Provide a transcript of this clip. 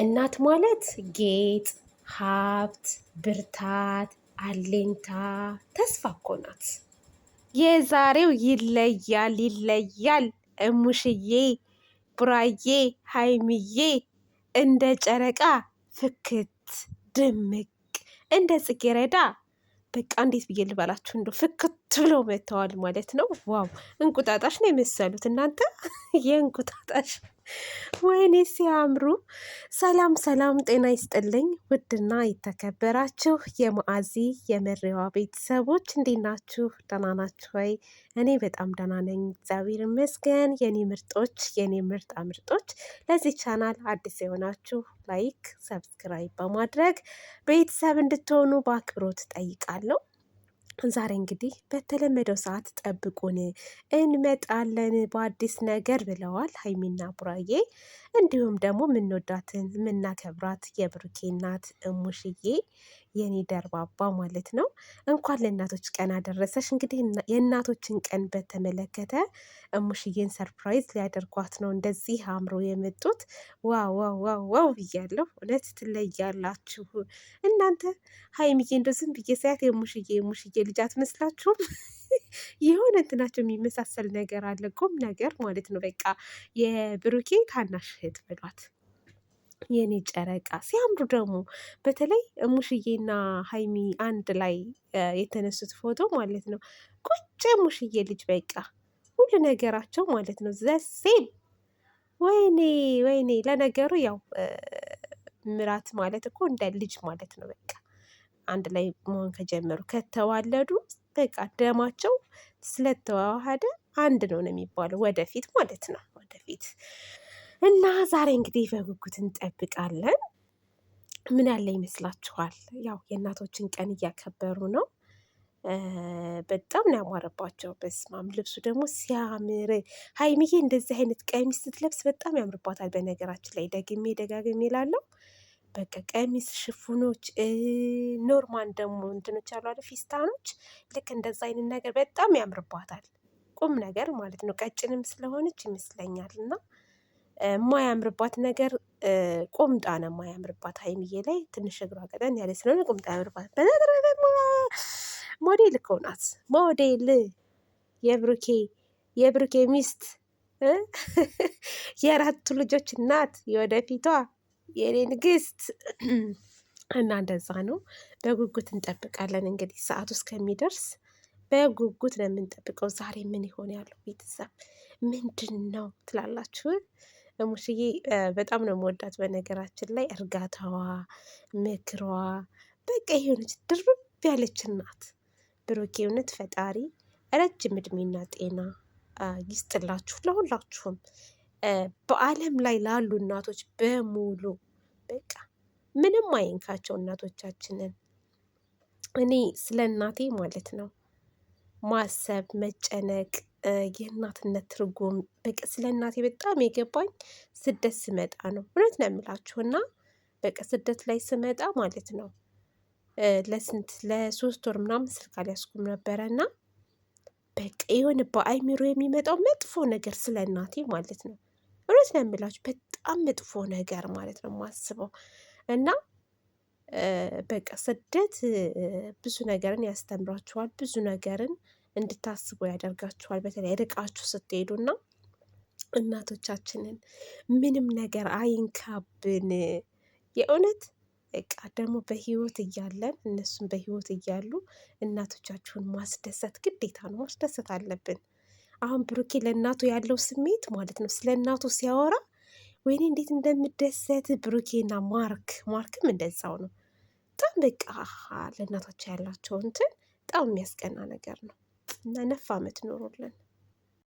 እናት ማለት ጌጥ፣ ሀብት፣ ብርታት፣ አሌንታ ተስፋ እኮ ናት። የዛሬው ይለያል ይለያል። እሙሽዬ ቡራዬ፣ ሀይምዬ እንደ ጨረቃ ፍክት ድምቅ እንደ ጽጌረዳ በቃ እንዴት ብዬ ልበላችሁ እንደ ፍክት ብሎ መጥተዋል ማለት ነው። ዋው! እንቁጣጣሽ ነው የመሰሉት እናንተ የእንቁጣጣሽ ወይኔ ሲያምሩ! ሰላም ሰላም፣ ጤና ይስጥልኝ ውድና የተከበራችሁ የማአዚ የመሪዋ ቤተሰቦች እንዴት ናችሁ? ደህና ናችሁ ወይ? እኔ በጣም ደህና ነኝ፣ እግዚአብሔር ይመስገን። የኔ ምርጦች፣ የኔ ምርጣ ምርጦች፣ ለዚህ ቻናል አዲስ የሆናችሁ ላይክ፣ ሰብስክራይብ በማድረግ ቤተሰብ እንድትሆኑ በአክብሮት ጠይቃለሁ። ዛሬ እንግዲህ በተለመደው ሰዓት ጠብቁን እንመጣለን በአዲስ ነገር ብለዋል ሀይሚና ቡራዬ። እንዲሁም ደግሞ የምንወዳትን የምናከብራት የብሩኬ እናት እሙሽዬ የኔ ደርባባ ማለት ነው። እንኳን ለእናቶች ቀን አደረሰሽ። እንግዲህ የእናቶችን ቀን በተመለከተ እሙሽዬን ሰርፕራይዝ ሊያደርጓት ነው እንደዚህ አምሮ የመጡት። ዋው ዋው ዋው ዋው ብያለሁ። እውነት ትለያላችሁ እናንተ። ሀይሚዬ እንደው ዝም ብዬ ሳያት የሙሽዬ የሙሽዬ ልጅ አትመስላችሁም? የሆነ እንትናቸው የሚመሳሰል ነገር አለ፣ ቁም ነገር ማለት ነው። በቃ የብሩኬ ታናሽ እህት በሏት። የኔ ጨረቃ ሲያምሩ ደግሞ በተለይ ሙሽዬና ሀይሚ አንድ ላይ የተነሱት ፎቶ ማለት ነው። ቁጭ ሙሽዬ ልጅ በቃ ሁሉ ነገራቸው ማለት ነው ዘሴም ወይኔ ወይኔ። ለነገሩ ያው ምራት ማለት እኮ እንደ ልጅ ማለት ነው። በቃ አንድ ላይ መሆን ከጀመሩ ከተዋለዱ በቃ ደማቸው ስለተዋሃደ አንድ ነው ነው የሚባለው ወደፊት ማለት ነው ወደፊት እና ዛሬ እንግዲህ በጉጉት እንጠብቃለን። ምን ያለ ይመስላችኋል? ያው የእናቶችን ቀን እያከበሩ ነው። በጣም ነው ያማረባቸው። በስማም ልብሱ ደግሞ ሲያምር፣ ሀይሚዬ እንደዚህ አይነት ቀሚስ ስትለብስ በጣም ያምርባታል። በነገራችን ላይ ደግሜ ደጋግሜ ይላለው በቃ ቀሚስ፣ ሽፉኖች፣ ኖርማን ደግሞ እንትኖች ያሉ አለ ፊስታኖች፣ ልክ እንደዛ አይነት ነገር በጣም ያምርባታል። ቁም ነገር ማለት ነው። ቀጭንም ስለሆነች ይመስለኛል እና የማያምርባት ነገር ቁምጣ ነው የማያምርባት ሀይሚዬ ላይ ትንሽ እግሯ ቀጠን ያለ ስለሆነ ቁምጣ ያምርባት። በነገር ደግሞ ሞዴል እኮ ናት ሞዴል የብሩኬ የብሩኬ ሚስት የአራቱ ልጆች እናት የወደፊቷ የኔ ንግስት እና እንደዛ ነው። በጉጉት እንጠብቃለን እንግዲህ ሰዓቱ እስከሚደርስ በጉጉት ነው የምንጠብቀው። ዛሬ ምን ይሆን ያለው ቤተሰብ ምንድን ነው ትላላችሁ? ለሙሽዬ በጣም ነው የምወዳት። በነገራችን ላይ እርጋታዋ፣ ምክሯ በቃ የሆነች ድርብ ያለች እናት። ብሩኬ እውነት ፈጣሪ ረጅም እድሜና ጤና ይስጥላችሁ ለሁላችሁም። በዓለም ላይ ላሉ እናቶች በሙሉ በቃ ምንም አይንካቸው እናቶቻችንን። እኔ ስለ እናቴ ማለት ነው ማሰብ መጨነቅ የእናትነት ትርጉም በቃ ስለ እናቴ በጣም የገባኝ ስደት ስመጣ ነው። እውነት ነው የምላችሁና በቃ ስደት ላይ ስመጣ ማለት ነው ለስንት ለሶስት ወር ምናምን ስልክ አልያዝኩም ነበረ እና በቃ የሆነ በአይሚሮ የሚመጣው መጥፎ ነገር ስለ እናቴ ማለት ነው። እውነት ነው የምላችሁ በጣም መጥፎ ነገር ማለት ነው የማስበው እና በቃ ስደት ብዙ ነገርን ያስተምራችኋል ብዙ ነገርን እንድታስቡ ያደርጋችኋል። በተለይ ርቃችሁ ስትሄዱና እናቶቻችንን ምንም ነገር አይንካብን። የእውነት በቃ ደግሞ በህይወት እያለን እነሱም በህይወት እያሉ እናቶቻችሁን ማስደሰት ግዴታ ነው፣ ማስደሰት አለብን። አሁን ብሩኬ ለእናቱ ያለው ስሜት ማለት ነው። ስለ እናቱ ሲያወራ ወይኔ እንዴት እንደምደሰት ብሩኬና ማርክ ማርክም እንደዛው ነው። በጣም በቃ ለእናታቸው ያላቸው እንትን በጣም የሚያስቀና ነገር ነው። እና ነፍ አመት ኖሮልን